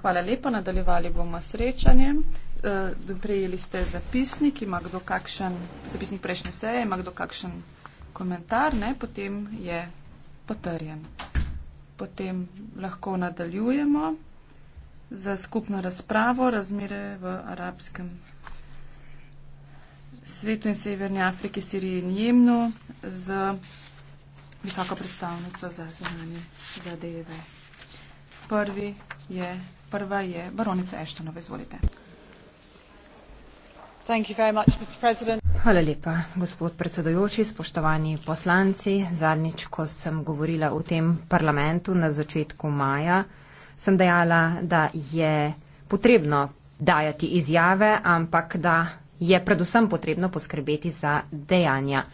Hvala lepa. Nadaljevali bomo srečanje. Eh, prejeli ste zapisnik, ima kdo kakšen, zapisnik prejšnje seje, ima kdo kakšen komentar, ne, potem je potrjen. Potem lahko nadaljujemo za skupno razpravo razmere v arabskem svetu in Severni Afriki, Siriji in Jemnu z visoka predstavnica za zunanje zadeve. Prvi je, prva je baronica Eštonova, izvolite. Thank you very much, Mr. President. Hvala lepa, gospod predsedujoči, spoštovani poslanci. Zadnjič, ko sem govorila v tem parlamentu na začetku maja, sem dejala, da je potrebno dajati izjave, ampak da je predvsem potrebno poskrbeti za dejanja.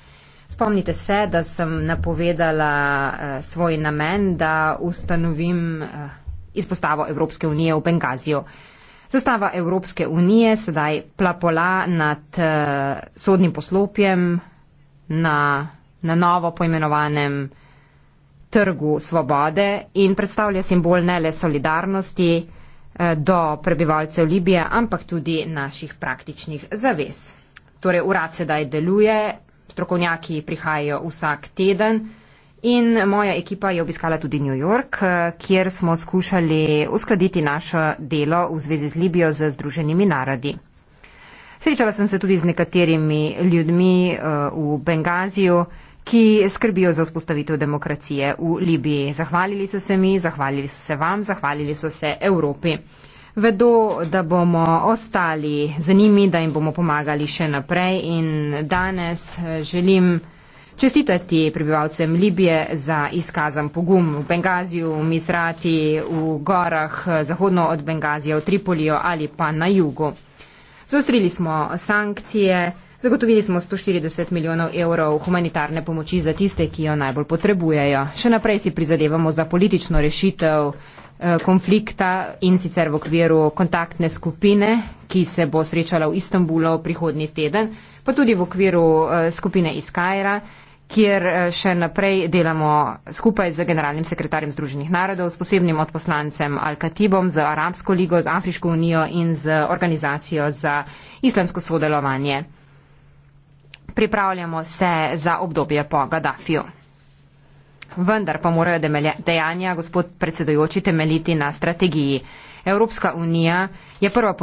Spomnite se, da sem napovedala uh, svoj namen, da ustanovim uh, izpostavo Evropske unije v Bengaziju. Zastava Evropske unije sedaj plapola nad uh, sodnim poslopjem na, na novo poimenovanem trgu svobode in predstavlja simbol ne le solidarnosti uh, do prebivalcev Libije, ampak tudi naših praktičnih zavez. Torej, urad sedaj deluje, strokovnjaki prihajajo vsak teden. In moja ekipa je obiskala tudi New York, eh, kjer smo skušali uskladiti naše delo v zvezi z Libijo z Združenimi narodi. Srečala sem se tudi z nekaterimi ljudmi eh, v Bengaziju, ki skrbijo za vzpostavitev demokracije v Libiji. Zahvalili so se mi, zahvalili so se vam, zahvalili so se Evropi vedo, da bomo ostali z njimi, da jim bomo pomagali še naprej in danes eh, želim čestitati prebivalcem Libije za izkazan pogum v Bengaziju, v Misrati, v gorah eh, zahodno od Bengazija v Tripolijo ali pa na jugu. Zostrili smo sankcije. Zagotovili smo 140 milijonov evrov humanitarne pomoči za tiste, ki jo najbolj potrebujejo. Še naprej si prizadevamo za politično rešitev eh, konflikta in sicer v okviru kontaktne skupine, ki se bo srečala v Istanbulu prihodnji teden, pa tudi v okviru eh, skupine iz Kajra, kjer eh, še naprej delamo skupaj z generalnim sekretarjem Združenih narodov, s posebnim odposlancem Al-Katibom, z Arabsko ligo, z Afriško unijo in z Organizacijo za islamsko sodelovanje pripravljamo se za obdobje po Gaddafiju. Vendar pa morajo dejanja, gospod predsedojoči, temeljiti na strategiji. Evropska unija je prva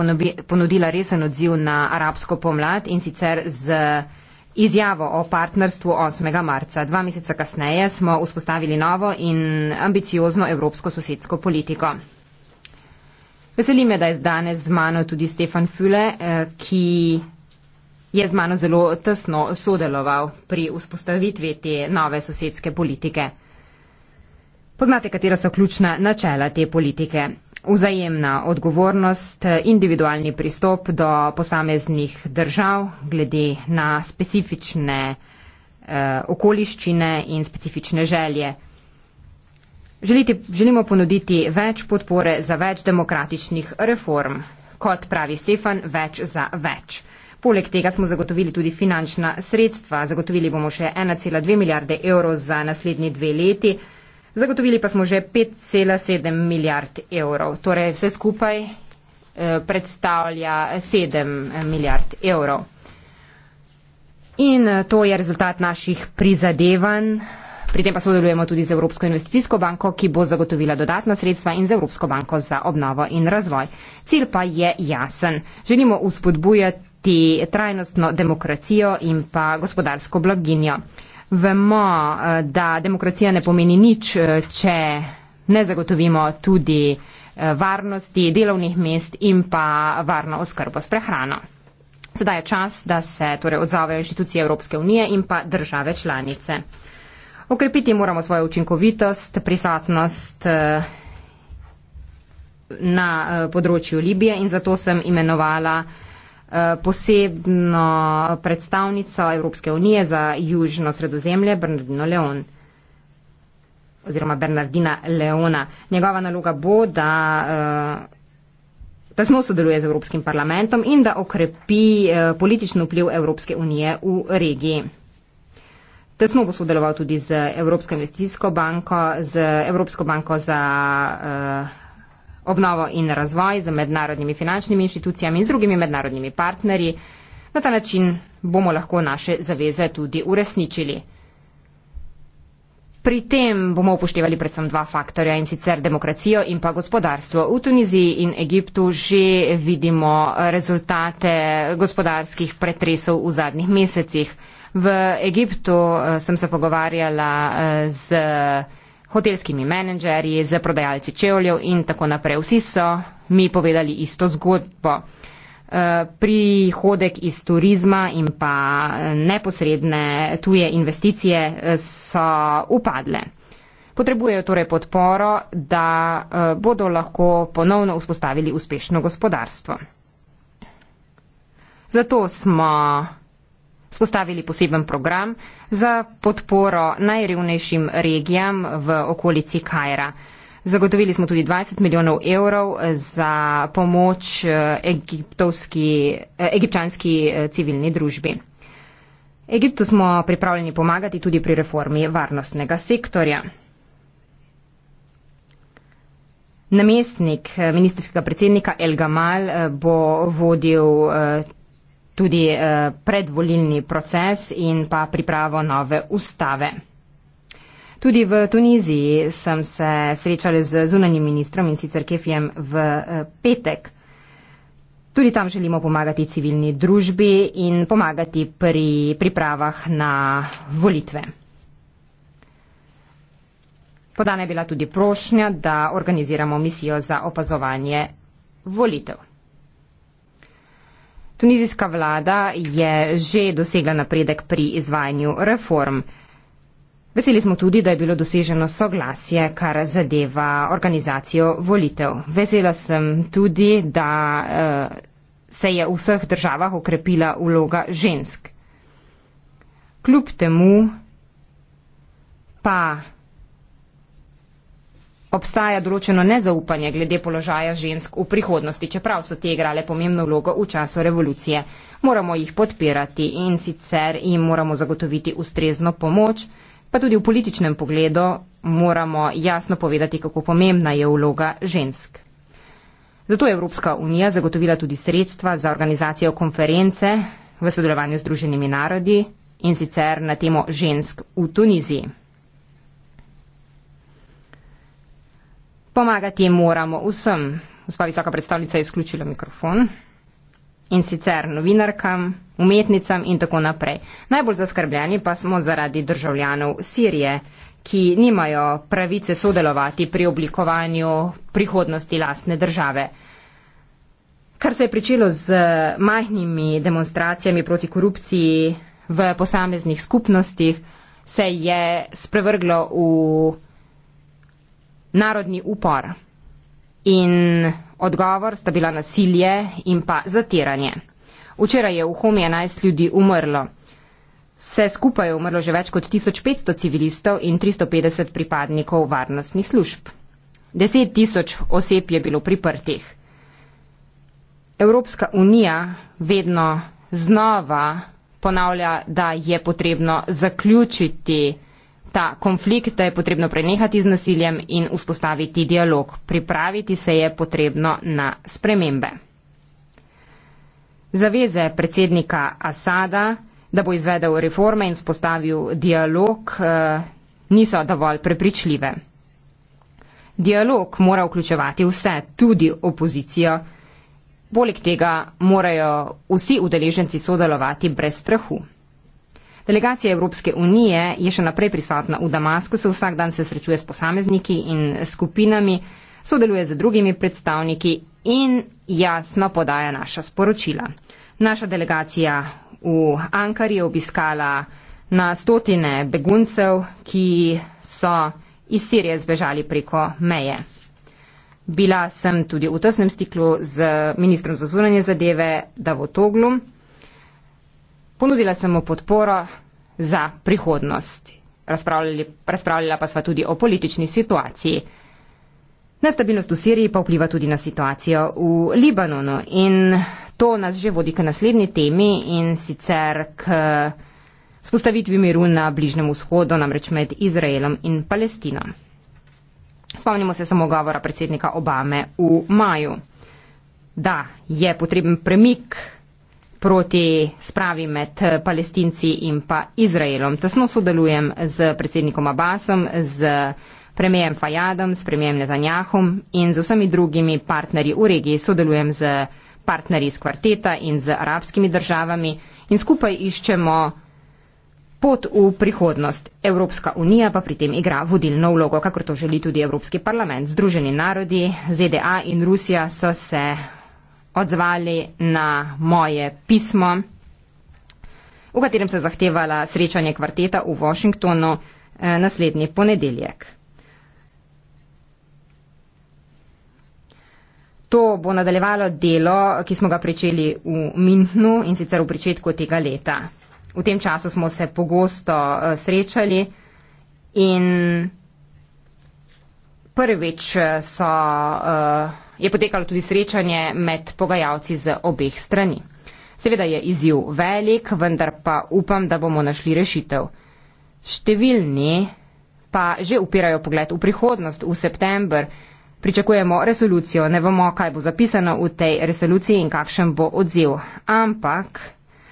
ponudila resen odziv na arabsko pomlad in sicer z izjavo o partnerstvu 8. marca. Dva meseca kasneje smo vzpostavili novo in ambiciozno evropsko sosedsko politiko. Veseli me, da je danes z mano tudi Stefan Füle, eh, ki je z mano zelo tesno sodeloval pri vzpostavitvi te nove sosedske politike. Poznate, katera so ključna načela te politike? Vzajemna odgovornost, individualni pristop do posameznih držav glede na specifične eh, okoliščine in specifične želje. Želite, želimo ponuditi več podpore za več demokratičnih reform, kot pravi Stefan, več za več. Poleg tega smo zagotovili tudi finančna sredstva. Zagotovili bomo še 1,2 milijarde evrov za naslednji dve leti. Zagotovili pa smo že 5,7 milijard evrov. Torej vse skupaj eh, predstavlja 7 eh, milijard evrov. In eh, to je rezultat naših prizadevanj. Pri tem pa sodelujemo tudi z Evropsko investicijsko banko, ki bo zagotovila dodatna sredstva in z Evropsko banko za obnovo in razvoj. Cilj pa je jasen. Želimo uspodbujati ohraniti trajnostno demokracijo in pa gospodarsko blaginjo. Vemo, eh, da demokracija ne pomeni nič, eh, če ne zagotovimo tudi eh, varnosti delovnih mest in pa varno oskrbo s prehrano. Sedaj je čas, da se torej odzovejo inštitucije Evropske unije in pa države članice. Okrepiti moramo svojo učinkovitost, prisotnost na področju Libije in zato sem imenovala Eh, posebno predstavnico Evropske unije za južno sredozemlje Bernardino Leon oziroma Bernardina Leona. Njegova naloga bo, da, eh, da smo sodeluje z Evropskim parlamentom in da okrepi eh, politično vpliv Evropske unije v regiji. Tesno bo sodeloval tudi z Evropsko investicijsko banko, z Evropsko banko za uh, obnovo in razvoj z mednarodnimi finančnimi inštitucijami in z drugimi mednarodnimi partnerji. Na ta način bomo lahko naše zaveze tudi uresničili. Pri tem bomo upoštevali predvsem dva faktorja in sicer demokracijo in pa gospodarstvo. V Tuniziji in Egiptu že vidimo rezultate gospodarskih pretresov v zadnjih mesecih. V Egiptu eh, sem se pogovarjala eh, z hotelskimi menedžerji, z prodajalci čevljev in tako naprej. Vsi so mi povedali isto zgodbo. E, prihodek iz turizma in pa e, neposredne tuje investicije e, so upadle. Potrebujejo torej podporo, da bodo lahko ponovno vzpostavili uspešno gospodarstvo. Zato smo spostavili poseben program za podporo najrevnejšim regijam v okolici Kajra. Zagotovili smo tudi 20 milijonov evrov za pomoč eh, eh, egipčanski eh, civilni družbi. Egiptu smo pripravljeni pomagati tudi pri reformi varnostnega sektorja. Namestnik ministerskega predsednika El Gamal bo vodil tudi eh, predvolilni proces in pa pripravo nove ustave. Tudi v Tuniziji sem se srečala z zunanjim ministrom in sicer Kefijem v eh, petek. Tudi tam želimo pomagati civilni družbi in pomagati pri pripravah na volitve. Podana je bila tudi prošnja, da organiziramo misijo za opazovanje volitev. Tunizijska vlada je že dosegla napredek pri izvajanju reform. Veseli smo tudi, da je bilo doseženo soglasje, kar zadeva organizacijo volitev. Vesela sem tudi, da uh, se je v vseh državah okrepila vloga žensk. Kljub temu pa Obstaja določeno nezaupanje glede položaja žensk v prihodnosti, čeprav so te igrale pomembno vlogo v času revolucije. Moramo jih podpirati in sicer jim moramo zagotoviti ustrezno pomoč, pa tudi v političnem pogledu moramo jasno povedati, kako pomembna je vloga žensk. Zato je Evropska unija zagotovila tudi sredstva za organizacijo konference v sodelovanju z druženimi narodi in sicer na temo žensk v Tuniziji. Pomagati jim moramo vsem, gospa visoka predstavnica je izključila mikrofon. In sicer novinarkam, umetnicam in tako naprej. Najbolj zaskrbljeni pa smo zaradi državljanov Sirije, ki nimajo pravice sodelovati pri oblikovanju prihodnosti lastne države. Kar se je pričelo z majhnimi demonstracijami proti korupciji v posameznih skupnostih, se je sprevrglo v narodni upor. In odgovor sta bila nasilje in pa zatiranje. Včeraj je v Homi 11 ljudi umrlo. Vse skupaj je umrlo že več kot 1500 civilistov in 350 pripadnikov varnostnih služb. 10 tisoč oseb je bilo priprtih. Evropska unija vedno znova ponavlja, da je potrebno zaključiti ta konflikt, da je potrebno prenehati z nasiljem in vzpostaviti dialog. Pripraviti se je potrebno na spremembe. Zaveze predsednika Asada, da bo izvedel reforme in spostavil dialog, eh, niso dovolj prepričljive. Dialog mora vključevati vse, tudi opozicijo. Poleg tega morajo vsi udeleženci sodelovati brez strahu. Delegacija Evropske unije je še naprej prisotna v Damasku, se vsak dan se srečuje s posamezniki in skupinami, sodeluje z drugimi predstavniki in jasno podaja naša sporočila. Naša delegacija v Ankari je obiskala na stotine beguncev, ki so iz Sirije zbežali preko meje. Bila sem tudi v tesnem stiklu z ministrom za zunanje zadeve Davotoglom ponudila sem mu podporo za prihodnost. Razpravljala pa sva tudi o politični situaciji. Nestabilnost v Siriji pa vpliva tudi na situacijo v Libanonu in to nas že vodi k naslednji temi in sicer k spostavitvi eh, miru na Bližnem vzhodu, namreč med Izraelom in Palestino. Spomnimo se samo govora predsednika Obame v maju, da je potreben premik proti spravi med palestinci in pa Izraelom. Tesno sodelujem z predsednikom Abbasom, z premijem Fajadom, s premijem Netanjahom in z vsemi drugimi partnerji v regiji. Sodelujem z partnerji iz kvarteta in z arabskimi državami in skupaj iščemo pot v prihodnost. Evropska unija pa pri tem igra vodilno vlogo, kakor to želi tudi Evropski parlament. Združeni narodi, ZDA in Rusija so se odzvali na moje pismo, v katerem se zahtevala srečanje kvarteta v Washingtonu eh, naslednji ponedeljek. To bo nadaljevalo delo, ki smo ga pričeli v Minhnu in sicer v pričetku tega leta. V tem času smo se pogosto eh, srečali in prvič eh, so uh, je potekalo tudi srečanje med pogajalci z obeh strani. Seveda je izziv velik, vendar pa upam, da bomo našli rešitev. Številni pa že upirajo pogled v prihodnost, v september. Pričakujemo resolucijo, ne vemo, kaj bo zapisano v tej resoluciji in kakšen bo odziv. Ampak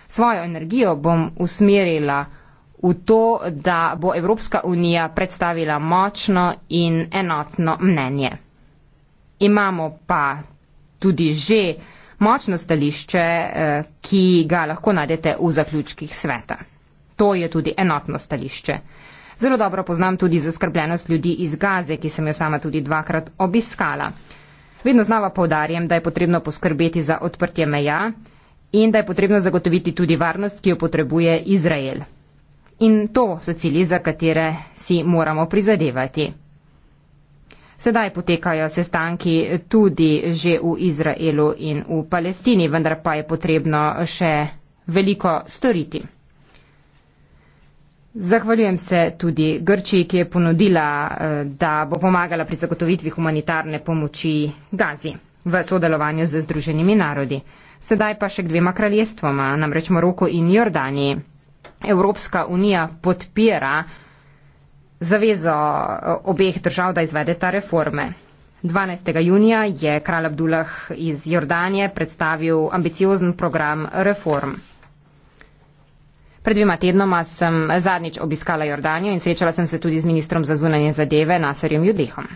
svojo energijo bom usmerila v to, da bo Evropska unija predstavila močno in enotno mnenje. Imamo pa tudi že močno stališče, eh, ki ga lahko najdete v zaključkih sveta. To je tudi enotno stališče. Zelo dobro poznam tudi zaskrbljenost ljudi iz Gaze, ki sem jo sama tudi dvakrat obiskala. Vedno znova povdarjam, da je potrebno poskrbeti za odprtje meja in da je potrebno zagotoviti tudi varnost, ki jo potrebuje Izrael. In to so cilji, za katere si moramo prizadevati. Sedaj potekajo sestanki tudi že v Izraelu in v Palestini, vendar pa je potrebno še veliko storiti. Zahvaljujem se tudi Grčiji, ki je ponudila, eh, da bo pomagala pri zagotovitvi humanitarne pomoči Gazi v sodelovanju z Združenimi narodi. Sedaj pa še k dvema kraljestvoma, namreč Moroko in Jordani. Evropska unija podpira zavezo eh, obeh držav, da izvedeta reforme. 12. junija je kralj Abdullah iz Jordanije predstavil ambiciozen program reform. Pred dvima tednoma sem zadnjič obiskala Jordanijo in srečala sem se tudi z ministrom za zunanje zadeve Nasarjem Judehom.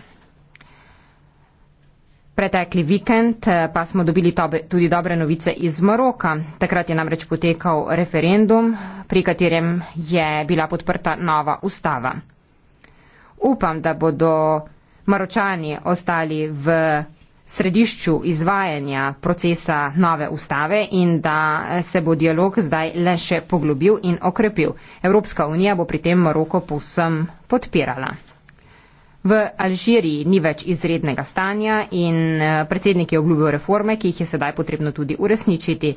Pretekli vikend eh, pa smo dobili tobe, tudi dobre novice iz Maroka. Takrat je namreč potekal referendum, pri katerem je bila podprta nova ustava upam, da bodo maročani ostali v središču izvajanja procesa nove ustave in da se bo dialog zdaj le še poglobil in okrepil. Evropska unija bo pri tem Maroko povsem podpirala. V Alžiriji ni več izrednega stanja in eh, predsednik je obljubil reforme, ki jih je sedaj potrebno tudi uresničiti.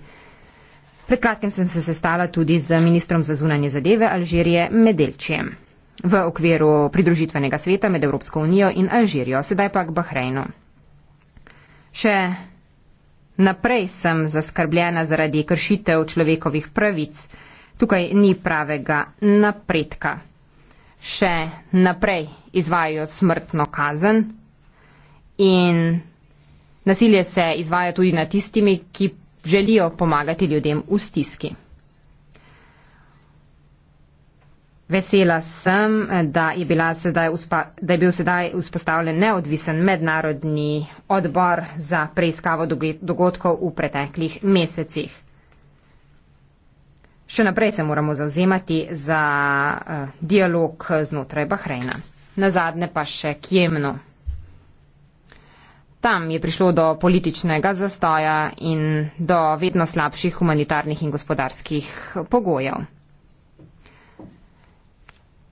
Pred kratkim sem se sestala tudi z ministrom za zunanje zadeve Alžirije Medelčijem v okviru pridružitvenega sveta med Evropsko unijo in Alžirijo, sedaj pa k Bahrejnu. Še naprej sem zaskrbljena zaradi kršitev človekovih pravic. Tukaj ni pravega napredka. Še naprej izvajajo smrtno kazen in nasilje se izvaja tudi nad tistimi, ki želijo pomagati ljudem v stiski. Vesela sem, da je, sedaj uspa, da je bil sedaj vzpostavljen neodvisen mednarodni odbor za preiskavo dogodkov v preteklih mesecih. Še naprej se moramo zauzemati za uh, dialog znotraj Bahrejna. Na zadnje pa še k Jemnu. Tam je prišlo do političnega zastoja in do vedno slabših humanitarnih in gospodarskih pogojev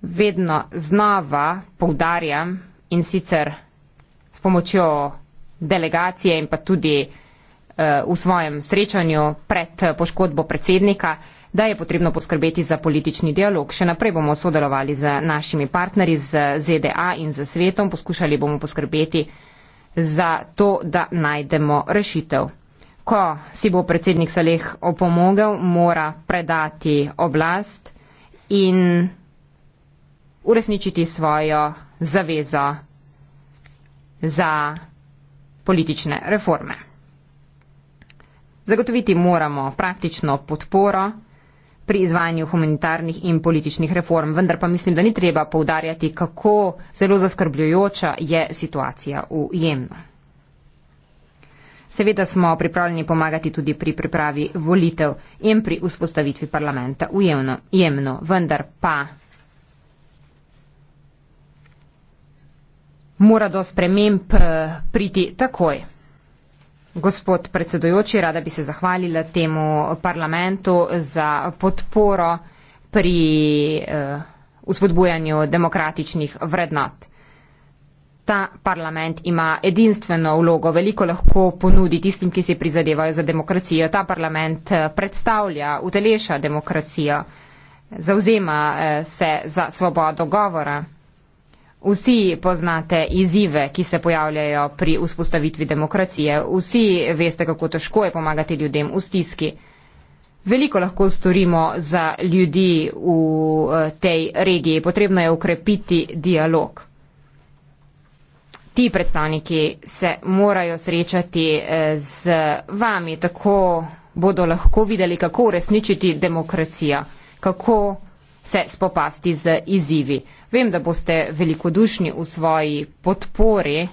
vedno znova poudarjam in sicer s pomočjo delegacije in pa tudi eh, v svojem srečanju pred eh, poškodbo predsednika, da je potrebno poskrbeti za politični dialog. Še naprej bomo sodelovali z našimi partnerji, z ZDA in z svetom, poskušali bomo poskrbeti za to, da najdemo rešitev. Ko si bo predsednik Saleh opomogel, mora predati oblast in uresničiti svojo zavezo za politične reforme. Zagotoviti moramo praktično podporo pri izvajanju humanitarnih in političnih reform, vendar pa mislim, da ni treba poudarjati, kako zelo zaskrbljujoča je situacija v Jemnu. Seveda smo pripravljeni pomagati tudi pri pripravi volitev in pri vzpostavitvi parlamenta v Jemnu, vendar pa mora do sprememb eh, priti takoj. Gospod predsedujoči, rada bi se zahvalila temu parlamentu za podporo pri uspodbujanju eh, demokratičnih vrednot. Ta parlament ima edinstveno vlogo, veliko lahko ponudi tistim, ki si prizadevajo za demokracijo. Ta parlament eh, predstavlja, uteleša demokracijo, zauzema se za svobodo govora. Vsi poznate izzive, ki se pojavljajo pri vzpostavitvi demokracije, vsi veste, kako težko je pomagati ljudem v stiski. Veliko lahko storimo za ljudi v eh, tej regiji, potrebno je ukrepiti dialog. Ti predstavniki se morajo srečati eh, z vami, tako bodo lahko videli, kako uresničiti demokracijo, kako se spopasti z izzivi. Vem, da boste velikodušni v svoji podpori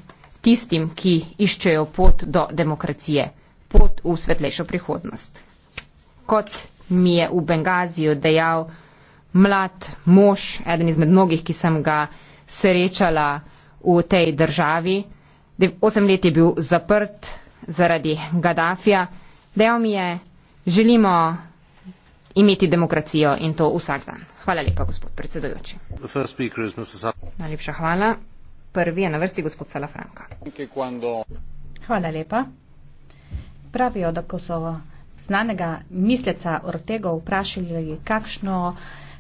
tistim, ki iščejo pot do demokracije, pot v svetlejšo prihodnost. Kot mi je v Bengaziju dejal mlad mož, eden izmed mnogih, ki sem ga srečala v tej državi, osem let je bil zaprt zaradi Gaddafija, dejal mi je, želimo imeti demokracijo in to vsak dan. Hvala lepa, gospod predsedujoči. Najlepša hvala. Prvi je na vrsti gospod Salafranka. Hvala lepa. Pravijo, da ko so znanega misleca Ortega vprašali, kakšno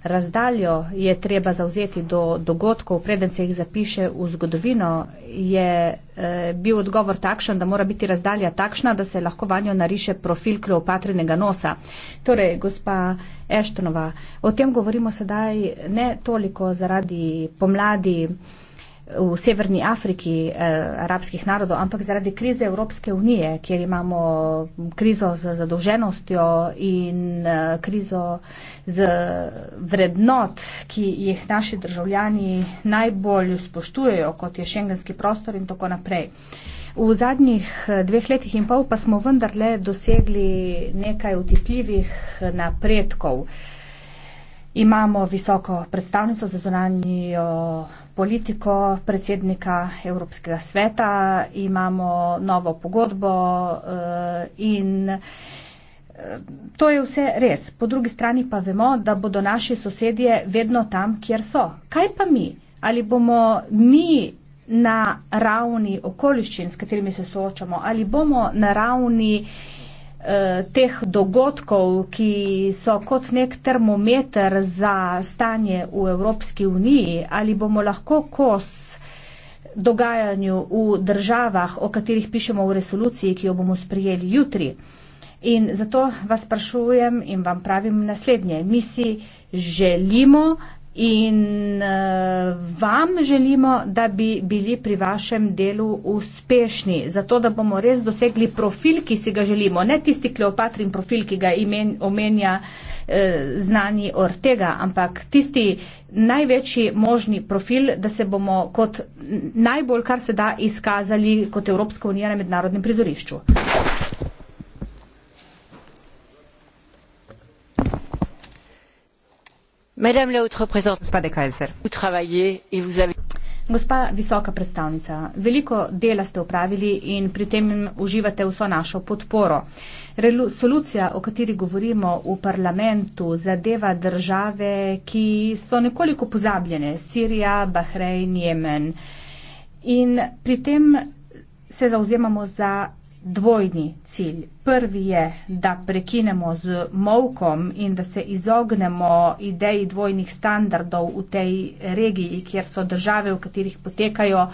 razdaljo je treba zauzeti do dogodkov, preden se jih zapiše v zgodovino, je eh, bil odgovor takšen, da mora biti razdalja takšna, da se lahko vanjo nariše profil kleopatrinega nosa. Torej, gospa Eštonova, o tem govorimo sedaj ne toliko zaradi pomladi, v Severni Afriki eh, arabskih narodov, ampak zaradi krize Evropske unije, kjer imamo krizo z zadolženostjo in eh, krizo z vrednot, ki jih naši državljani najbolj spoštujejo, kot je šengenski prostor in tako naprej. V zadnjih eh, dveh letih in pol pa smo vendarle dosegli nekaj utipljivih napredkov. Imamo visoko predstavnico za zunanjo politiko predsednika Evropskega sveta, imamo novo pogodbo eh, in eh, to je vse res. Po drugi strani pa vemo, da bodo naši sosedje vedno tam, kjer so. Kaj pa mi? Ali bomo mi na ravni okoliščin, s katerimi se soočamo, ali bomo na ravni eh, Eh, teh dogodkov, ki so kot nek termometer za stanje v Evropski uniji, ali bomo lahko kos dogajanju v državah, o katerih pišemo v resoluciji, ki jo bomo sprijeli jutri. In zato vas sprašujem in vam pravim naslednje. Mi si želimo, in eh, vam želimo, da bi bili pri vašem delu uspešni, zato da bomo res dosegli profil, ki si ga želimo. Ne tisti kleopatrin profil, ki ga imen, omenja eh, znani Ortega, ampak tisti največji možni profil, da se bomo kot najbolj, kar se da, izkazali kot Evropska unija na mednarodnem prizorišču. madame la haute représentante vous travaillez et vous avez Gospa visoka predstavnica, veliko dela ste upravili in pri tem uživate vso našo podporo. Resolucija, o kateri govorimo v parlamentu, zadeva države, ki so nekoliko pozabljene - Sirija, Bahrejn, Jemen. In pri tem se zauzemamo za dvojni cilj. Prvi je, da prekinemo z molkom in da se izognemo ideji dvojnih standardov v tej regiji, kjer so države, v katerih potekajo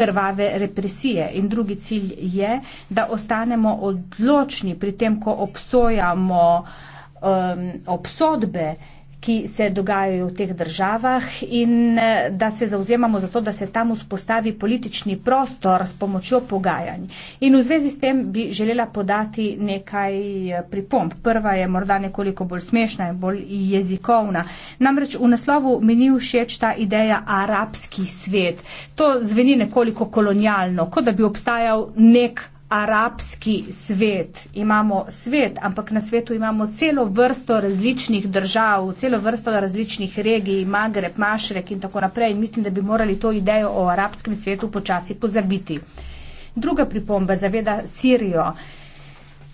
krvave represije. In drugi cilj je, da ostanemo odločni pri tem, ko obsojamo um, obsodbe ki se dogajajo v teh državah in eh, da se zauzemamo za to, da se tam vzpostavi politični prostor s pomočjo pogajanj. In v zvezi s tem bi želela podati nekaj eh, pripomp. Prva je morda nekoliko bolj smešna in bolj jezikovna. Namreč v naslovu mi ni všeč ta ideja arabski svet. To zveni nekoliko kolonialno, kot da bi obstajal nek arabski svet, imamo svet, ampak na svetu imamo celo vrsto različnih držav, celo vrsto različnih regij, Magreb, Mašrek in tako naprej. In mislim, da bi morali to idejo o arabskem svetu počasi pozabiti. Druga pripomba zaveda Sirijo.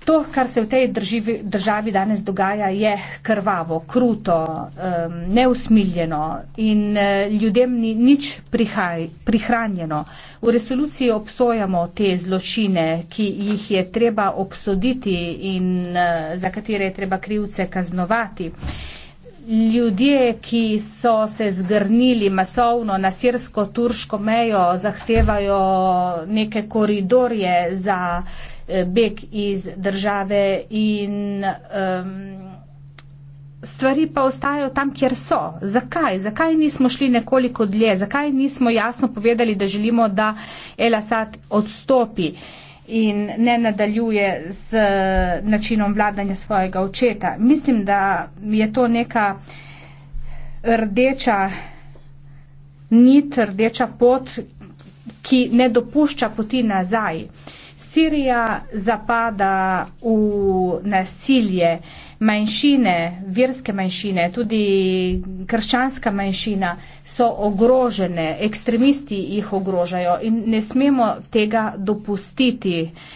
To, kar se v tej drživi, državi danes dogaja, je krvavo, kruto, um, neusmiljeno in uh, ljudem ni nič prihaj, prihranjeno. V resoluciji obsojamo te zločine, ki jih je treba obsoditi in uh, za katere je treba krivce kaznovati. Ljudje, ki so se zgrnili masovno na sirsko-turško mejo, zahtevajo neke koridorje za. Eh, beg iz države in um, stvari pa ostajajo tam, kjer so. Zakaj? Zakaj nismo šli nekoliko dlje? Zakaj nismo jasno povedali, da želimo, da El Asad odstopi in ne nadaljuje z eh, načinom vladanja svojega očeta? Mislim, da je to neka rdeča nit, rdeča pot, ki ne dopušča poti nazaj. Uh, Sirija zapada v nasilje, manjšine, verske manjšine, tudi krščanska manjšina so ogrožene, ekstremisti jih ogrožajo in ne smemo tega dopustiti. Uh,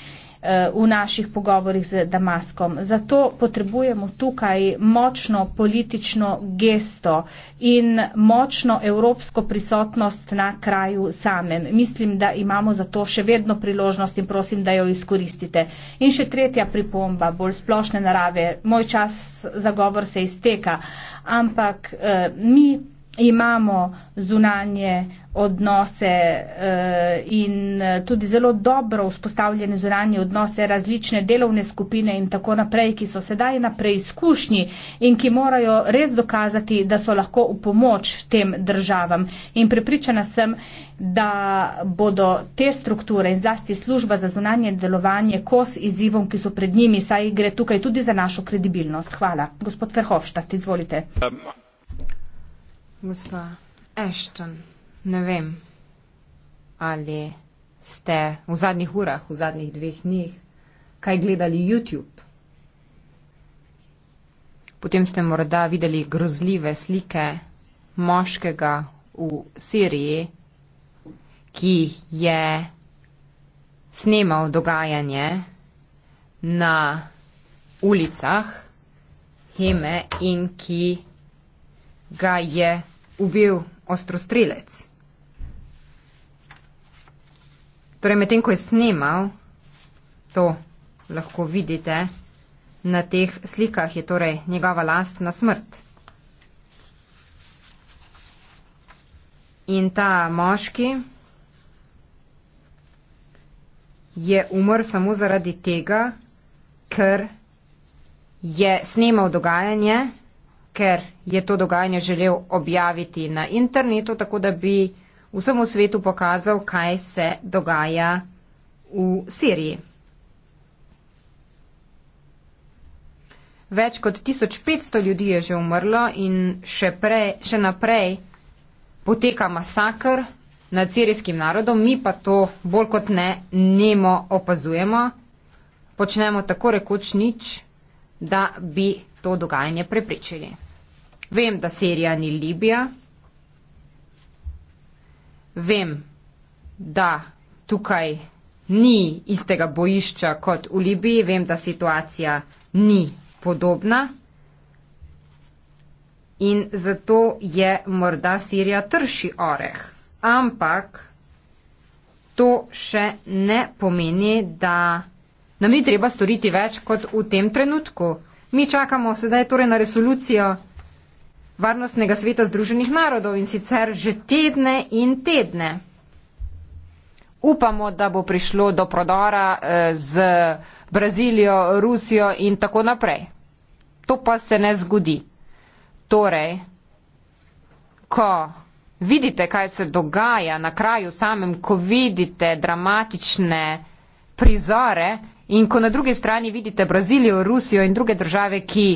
Eh, v naših pogovorih z Damaskom. Zato potrebujemo tukaj močno politično gesto in močno evropsko prisotnost na kraju samem. Mislim, da imamo za to še vedno priložnost in prosim, da jo izkoristite. In še tretja pripomba, bolj splošne narave. Moj čas za govor se izteka, ampak eh, mi imamo zunanje odnose eh, in eh, tudi zelo dobro vzpostavljene zunanje odnose, različne delovne skupine in tako naprej, ki so sedaj na preizkušnji in ki morajo res dokazati, da so lahko v pomoč tem državam. In prepričana sem, da bodo te strukture in zlasti služba za zunanje delovanje kos izzivom, ki so pred njimi, saj gre tukaj tudi za našo kredibilnost. Hvala. Gospod Verhofštat, izvolite. Um. Gospa Ashton ne vem, ali ste v zadnjih urah, v zadnjih dveh dneh, kaj gledali YouTube. Potem ste morda videli grozljive slike moškega v Siriji, ki je snemal dogajanje na ulicah Heme in ki ga je ubil ostrostrelec. Torej, medtem ko je snimal, to lahko vidite na teh slikah, je torej njegova lastna smrt. In ta moški je umrl samo zaradi tega, ker je snimal dogajanje, ker je to dogajanje želel objaviti na internetu, tako da bi vsemu svetu pokazal, kaj se dogaja v Siriji. Več kot 1500 ljudi je že umrlo in še, prej, še naprej poteka masakr nad sirijskim narodom, mi pa to bolj kot ne nemo opazujemo, počnemo tako rekoč nič, da bi to dogajanje prepričali. Vem, da Sirija ni Libija, vem, da tukaj ni istega bojišča kot v Libiji, vem, da situacija ni podobna in zato je morda Sirija trši oreh. Ampak to še ne pomeni, da nam ni treba storiti več kot v tem trenutku. Mi čakamo sedaj torej na resolucijo Varnostnega sveta Združenih narodov in sicer že tedne in tedne. Upamo, da bo prišlo do prodora eh, z Brazilijo, Rusijo in tako naprej. To pa se ne zgodi. Torej, ko vidite, kaj se dogaja na kraju samem, ko vidite dramatične prizore in ko na drugi strani vidite Brazilijo, Rusijo in druge države, ki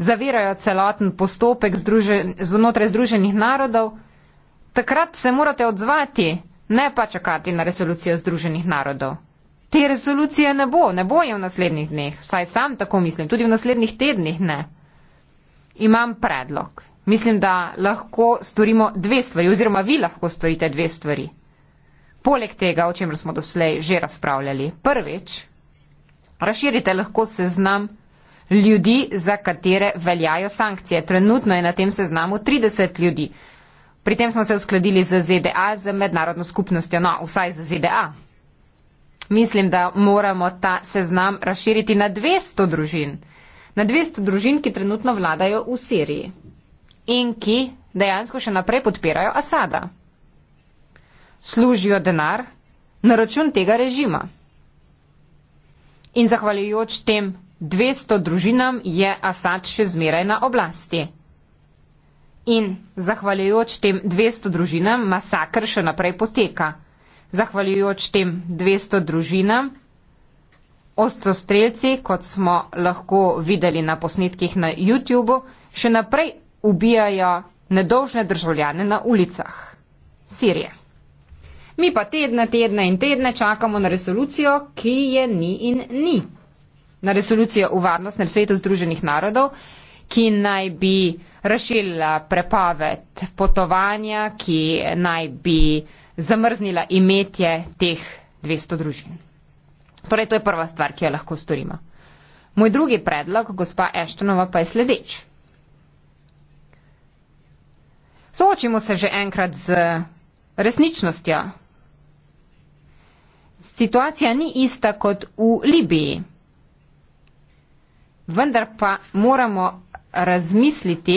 zavirajo celoten postopek znotraj združen, Združenih narodov, takrat se morate odzvati, ne pa čakati na resolucijo Združenih narodov. Te resolucije ne bo, ne bo je v naslednjih dneh, vsaj sam tako mislim, tudi v naslednjih tednih ne. Imam predlog. Mislim, da lahko storimo dve stvari, oziroma vi lahko storite dve stvari. Poleg tega, o čemer smo doslej že razpravljali. Prvič, razširite lahko seznam ljudi, za katere veljajo sankcije. Trenutno je na tem seznamu 30 ljudi. Pri tem smo se uskladili z ZDA, z mednarodno skupnostjo, no, vsaj z ZDA. Mislim, da moramo ta seznam razširiti na 200 družin. Na 200 družin, ki trenutno vladajo v Siriji in ki dejansko še naprej podpirajo Asada. Služijo denar na račun tega režima. In zahvaljujoč tem 200 družinam je Asad še zmeraj na oblasti. In zahvaljujoč tem 200 družinam masakr še naprej poteka. Zahvaljujoč tem 200 družinam ostrostrelci, kot smo lahko videli na posnetkih na YouTubu, še naprej ubijajo nedolžne državljane na ulicah Sirije. Mi pa tedne, tedne in tedne čakamo na resolucijo, ki je ni in ni na resolucijo o varnostnem svetu Združenih narodov, ki naj bi razširila prepoved potovanja, ki naj bi zamrznila imetje teh 200 družin. Torej, to je prva stvar, ki jo lahko storimo. Moj drugi predlog, gospa Eštonova, pa je sledeč. Soočimo se že enkrat z resničnostjo. Situacija ni ista kot v Libiji vendar pa moramo razmisliti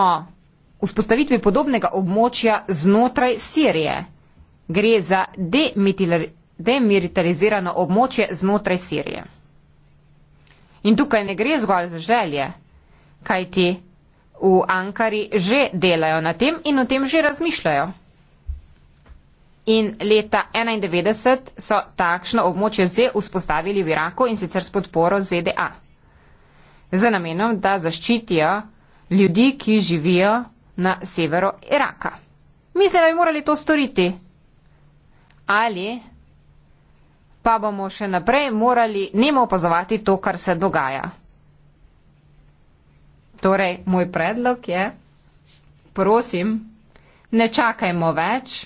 o vzpostavitvi podobnega območja znotraj Sirije. Gre za demilitarizirano območje znotraj Sirije. In tukaj ne gre zgolj za želje, kajti v Ankari že delajo na tem in o tem že razmišljajo. In leta 1991 so takšno območje zdaj vzpostavili v Iraku in sicer s podporo ZDA. Za namenom, da zaščitijo ljudi, ki živijo na severu Iraka. Mislim, da bi morali to storiti. Ali pa bomo še naprej morali nemo opazovati to, kar se dogaja. Torej, moj predlog je, prosim, ne čakajmo več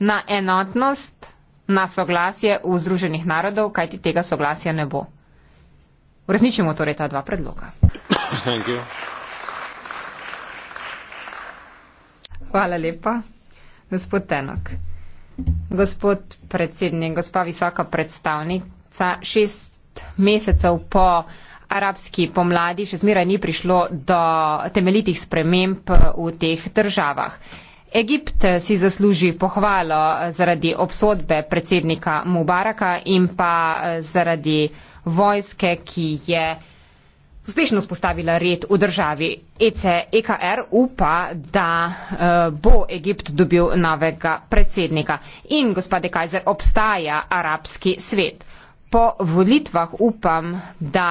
na enotnost, na soglasje v Združenih narodov, kajti tega soglasja ne bo. Uresničimo torej ta dva predloga. Hvala lepa, gospod Tenok. Gospod predsednik, gospa visoka predstavnica, šest mesecev po arabski pomladi še zmeraj ni prišlo do temeljitih sprememb v teh državah. Egipt si zasluži pohvalo eh, zaradi obsodbe predsednika Mubaraka in pa eh, zaradi vojske, ki je uspešno spostavila red v državi. ECEKR upa, da eh, bo Egipt dobil novega predsednika. In, gospode Kajzer, obstaja arabski svet. Po volitvah upam, da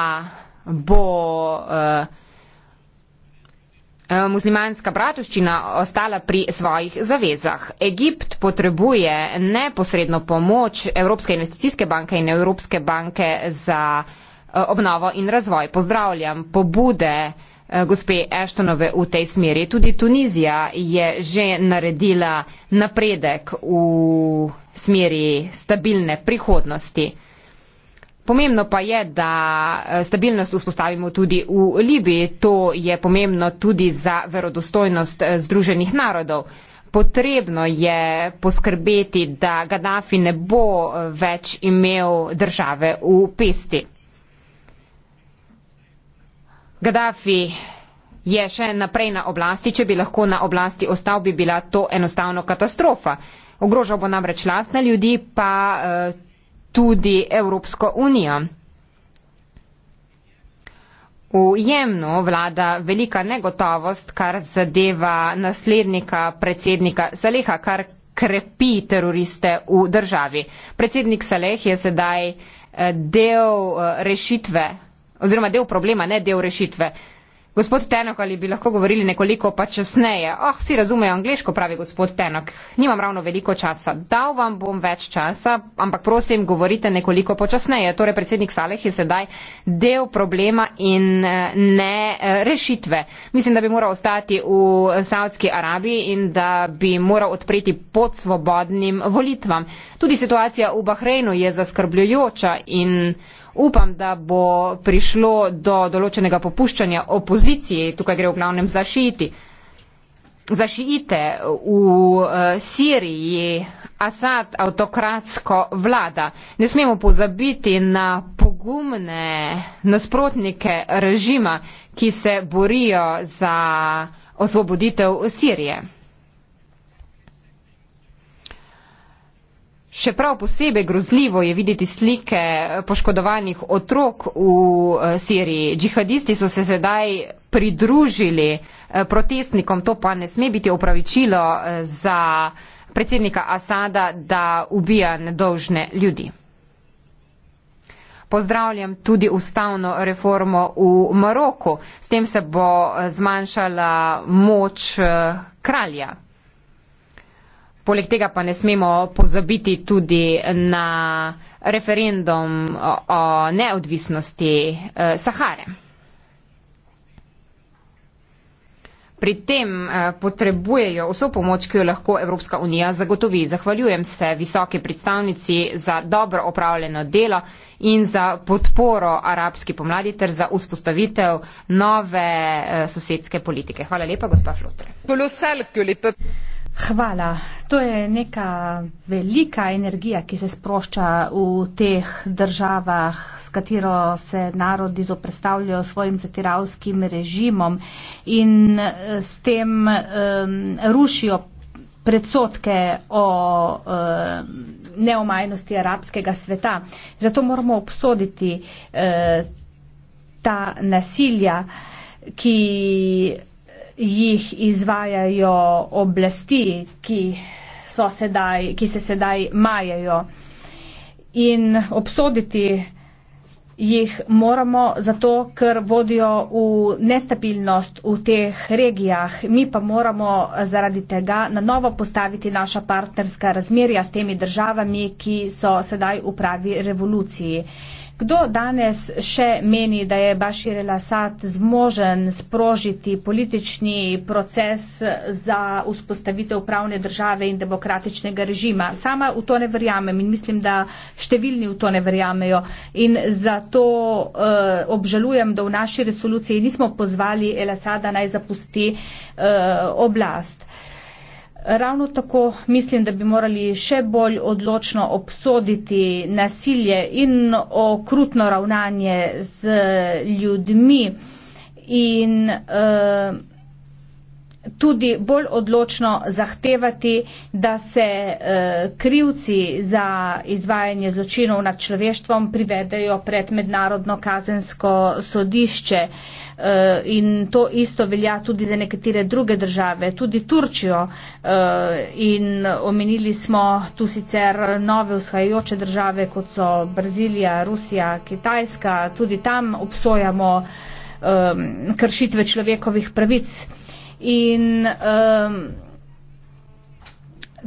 bo. Uh, Eh, muslimanska bratovščina ostala pri svojih zavezah. Egipt potrebuje neposredno pomoč Evropske investicijske banke in Evropske banke za eh, obnovo in razvoj. Pozdravljam pobude eh, gospe Eštonove v tej smeri. Tudi Tunizija je že naredila napredek v smeri stabilne prihodnosti. Pomembno pa je, da eh, stabilnost vzpostavimo tudi v Libiji. To je pomembno tudi za verodostojnost eh, Združenih narodov. Potrebno je poskrbeti, da Gaddafi ne bo eh, več imel države v pesti. Gaddafi je še naprej na oblasti. Če bi lahko na oblasti ostal, bi bila to enostavno katastrofa. Ogrožal bo namreč lastne ljudi, pa. Uh, tudi Evropsko unijo. V Jemnu vlada velika negotovost, kar zadeva naslednika predsednika Saleha, kar krepi teroriste v državi. Predsednik Saleh je sedaj eh, del eh, rešitve, oziroma del problema, ne del rešitve. Gospod Tenok, ali bi lahko govorili nekoliko pa časneje? Oh, vsi razumejo angliško, pravi gospod Tenok. Nimam ravno veliko časa. Dal vam bom več časa, ampak prosim, govorite nekoliko počasneje. Torej, predsednik Saleh je sedaj del problema in eh, ne eh, rešitve. Mislim, da bi moral ostati v eh, Saudski Arabiji in da bi moral odpreti pod svobodnim volitvam. Tudi situacija v Bahreinu je zaskrbljujoča in upam, da bo prišlo do določenega popuščanja opoziciji, tukaj gre v glavnem za šiti. Za šiite v eh, Siriji Asad avtokratsko vlada. Ne smemo pozabiti na pogumne nasprotnike režima, ki se borijo za osvoboditev Sirije. Še prav posebej grozljivo je videti slike poškodovanih otrok v eh, Siriji. Džihadisti so se sedaj pridružili eh, protestnikom, to pa ne sme biti opravičilo eh, za predsednika Asada, da ubija nedolžne ljudi. Pozdravljam tudi ustavno reformo v Maroku. S tem se bo zmanjšala moč kralja. Poleg tega pa ne smemo pozabiti tudi na referendum o neodvisnosti eh, Sahare. Pri tem eh, potrebujejo vso pomoč, ki jo lahko Evropska unija zagotovi. Zahvaljujem se visoke predstavnici za dobro opravljeno delo in za podporo arabski pomladi ter za vzpostavitev nove eh, sosedske politike. Hvala lepa, gospa Flotre. Hvala. To je neka velika energija, ki se sprošča v teh državah, s katero se narodi zoprstavljajo svojim zatiravskim režimom in eh, s tem um, rušijo predsotke o um, neomajnosti arabskega sveta. Zato moramo obsoditi uh, ta nasilja, ki jih izvajajo oblasti, ki, sedaj, ki se sedaj majajo. In obsoditi jih moramo zato, ker vodijo v nestabilnost v teh regijah. Mi pa moramo zaradi tega na novo postaviti naša partnerska razmerja s temi državami, ki so sedaj v pravi revoluciji. Kdo danes še meni, da je Bashir al-Assad zmožen sprožiti politični proces za vzpostavitev pravne države in demokratičnega režima? Sama v to ne verjamem in mislim, da številni v to ne verjamejo. In zato uh, obžalujem, da v naši resoluciji nismo pozvali al-Assada naj zapusti uh, oblast. Ravno tako mislim, da bi morali še bolj odločno obsoditi nasilje in okrutno ravnanje z ljudmi in uh, tudi bolj odločno zahtevati, da se eh, krivci za izvajanje zločinov nad človeštvom privedejo pred mednarodno kazensko sodišče. Eh, in to isto velja tudi za nekatere druge države, tudi Turčijo. Eh, in omenili smo tu sicer nove vzhajajoče države, kot so Brazilija, Rusija, Kitajska, tudi tam obsojamo kršitve človekovih pravic. In um,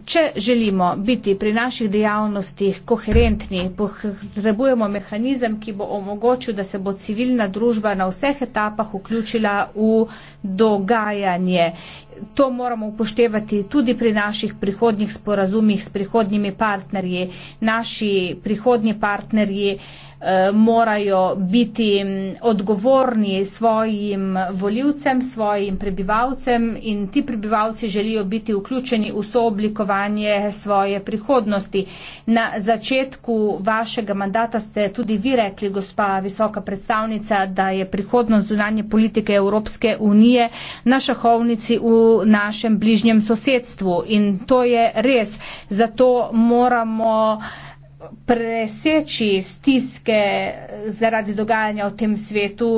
če želimo biti pri naših dejavnostih koherentni, potrebujemo mehanizem, ki bo omogočil, da se bo civilna družba na vseh etapah vključila v dogajanje. To moramo upoštevati tudi pri naših prihodnjih sporazumih s prihodnjimi partnerji. Naši prihodnji partnerji. Uh, Eh, morajo biti mm, odgovorni svojim voljivcem, svojim prebivalcem in ti prebivalci želijo biti vključeni v sooblikovanje svoje prihodnosti. Na začetku vašega mandata ste tudi vi rekli, gospa visoka predstavnica, da je prihodnost zunanje politike Evropske unije na šahovnici v našem bližnjem sosedstvu. In to je res. Zato moramo preseči stiske zaradi dogajanja v tem svetu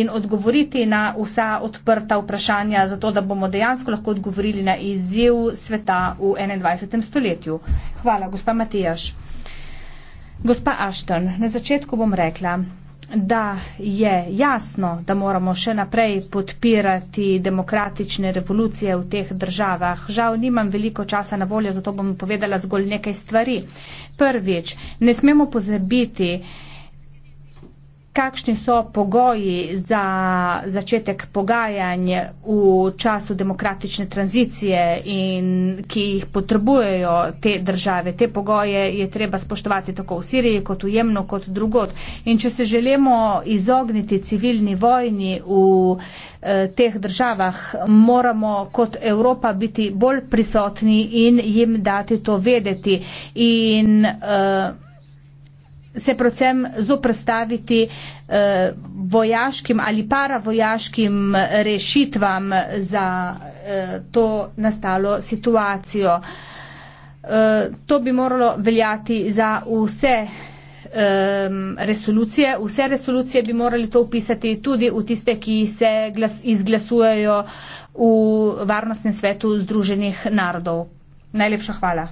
in odgovoriti na vsa odprta vprašanja, zato da bomo dejansko lahko odgovorili na izziv sveta v 21. stoletju. Hvala, gospa Matijaš. Gospa Ashton, na začetku bom rekla, da je jasno, da moramo še naprej podpirati demokratične revolucije v teh državah. Žal nimam veliko časa na voljo, zato bom povedala zgolj nekaj stvari. Prvič, ne smemo pozabiti, kakšni so pogoji za začetek pogajanj v času demokratične tranzicije in ki jih potrebujejo te države. Te pogoje je treba spoštovati tako v Siriji kot v Jemnu kot drugot. In če se želimo izogniti civilni vojni v eh, teh državah, moramo kot Evropa biti bolj prisotni in jim dati to vedeti. In, uh, se predvsem zoprstaviti eh, vojaškim ali paravojaškim eh, rešitvam za eh, to nastalo situacijo. Eh, to bi moralo veljati za vse eh, resolucije. Vse resolucije bi morali to upisati tudi v tiste, ki se glas, izglasujejo v Varnostnem svetu Združenih narodov. Najlepša hvala.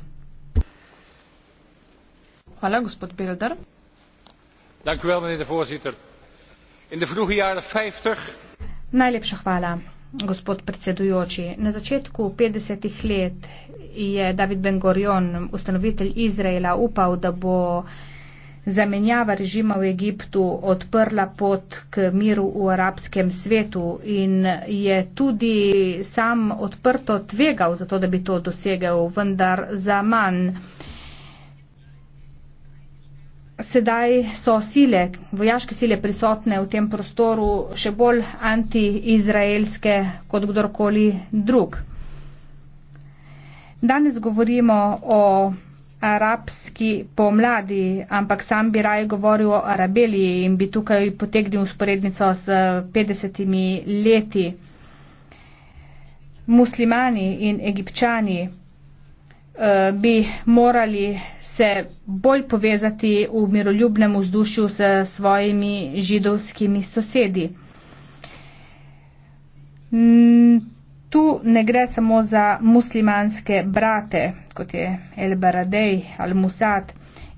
Hvala, gospod Bilder. Najlepša hvala, gospod predsedujoči. Na začetku 50-ih let je David Ben Gorion, ustanovitelj Izraela, upal, da bo zamenjava režima v Egiptu odprla pot k miru v arabskem svetu in je tudi sam odprto tvegal za to, da bi to dosegel, vendar za manj sedaj so sile, vojaške sile prisotne v tem prostoru še bolj antiizraelske kot kdorkoli drug. Danes govorimo o arabski pomladi, ampak sam bi raje govoril o Arabeliji in bi tukaj potegnil usporednico z 50 leti. Muslimani in egipčani Eh, bi morali se bolj povezati v miroljubnem vzdušju s svojimi židovskimi sosedi. Tu ne gre samo za muslimanske brate, kot je El Baradej ali Musad,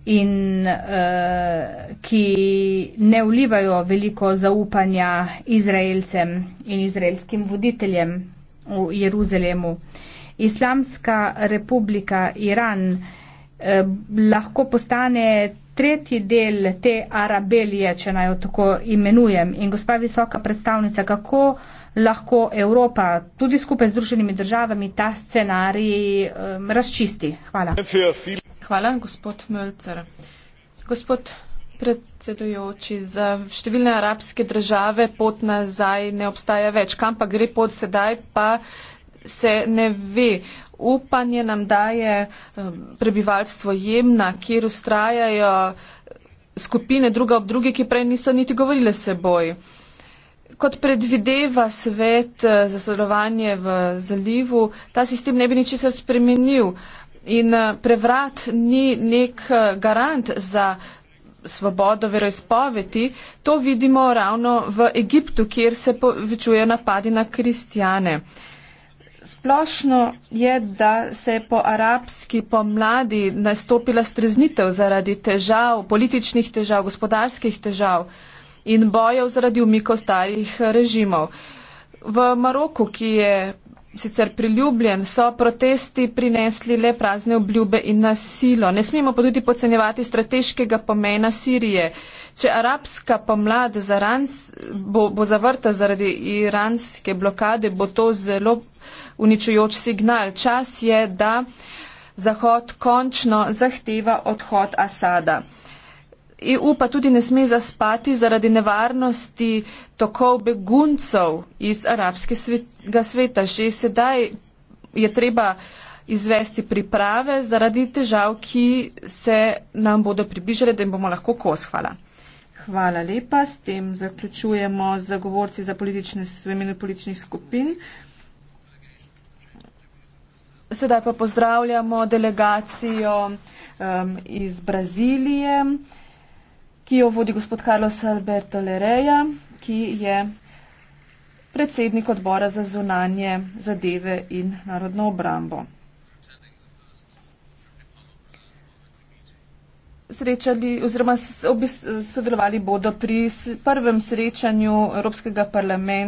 in uh, ki ne vlivajo veliko zaupanja Izraelcem in izraelskim voditeljem v Jeruzalemu. Uh, Islamska republika Iran eh, lahko postane tretji del te arabelije, če naj jo tako imenujem. In gospa visoka predstavnica, kako lahko Evropa tudi skupaj z druženimi državami ta scenarij eh, razčisti? Hvala. Hvala, gospod Mölcer. Gospod predsedujoči, za številne arabske države pot nazaj ne obstaja več. Kam pa gre pot sedaj, pa se ne ve. Upanje nam daje um, prebivalstvo Jemna, kjer ustrajajo uh, skupine druga ob drugi, ki prej niso niti govorile seboj. Kot predvideva svet uh, za sodelovanje v zalivu, ta sistem ne bi ničesar spremenil in uh, prevrat ni nek garant za svobodo veroizpoveti. To vidimo ravno v Egiptu, kjer se povečuje napadi na kristjane. Splošno je, da se je po arabski pomladi nastopila streznitev zaradi težav, političnih težav, gospodarskih težav in bojev zaradi umikov starih režimov. V Maroku, ki je sicer priljubljen, so protesti prinesli le prazne obljube in nasilo. Ne smemo pa tudi pocenjevati strateškega pomena Sirije. Če arabska pomlad zarans, bo, bo zavrta zaradi iranske blokade, bo to zelo uničujoč signal. Čas je, da Zahod končno zahteva odhod Asada. EU pa tudi ne sme zaspati zaradi nevarnosti tokov beguncev iz arabskega sveta. Že sedaj je treba izvesti priprave zaradi težav, ki se nam bodo približale, da jim bomo lahko kos. Hvala. Hvala lepa. S tem zaključujemo zagovorci za politične svemene političnih skupin. Sedaj pa pozdravljamo delegacijo um, iz Brazilije ki jo vodi gospod Carlos Alberto Lereja, ki je predsednik odbora za zunanje zadeve in narodno obrambo. Srečali, oziroma sodelovali bodo pri prvem srečanju Evropskega parlamenta.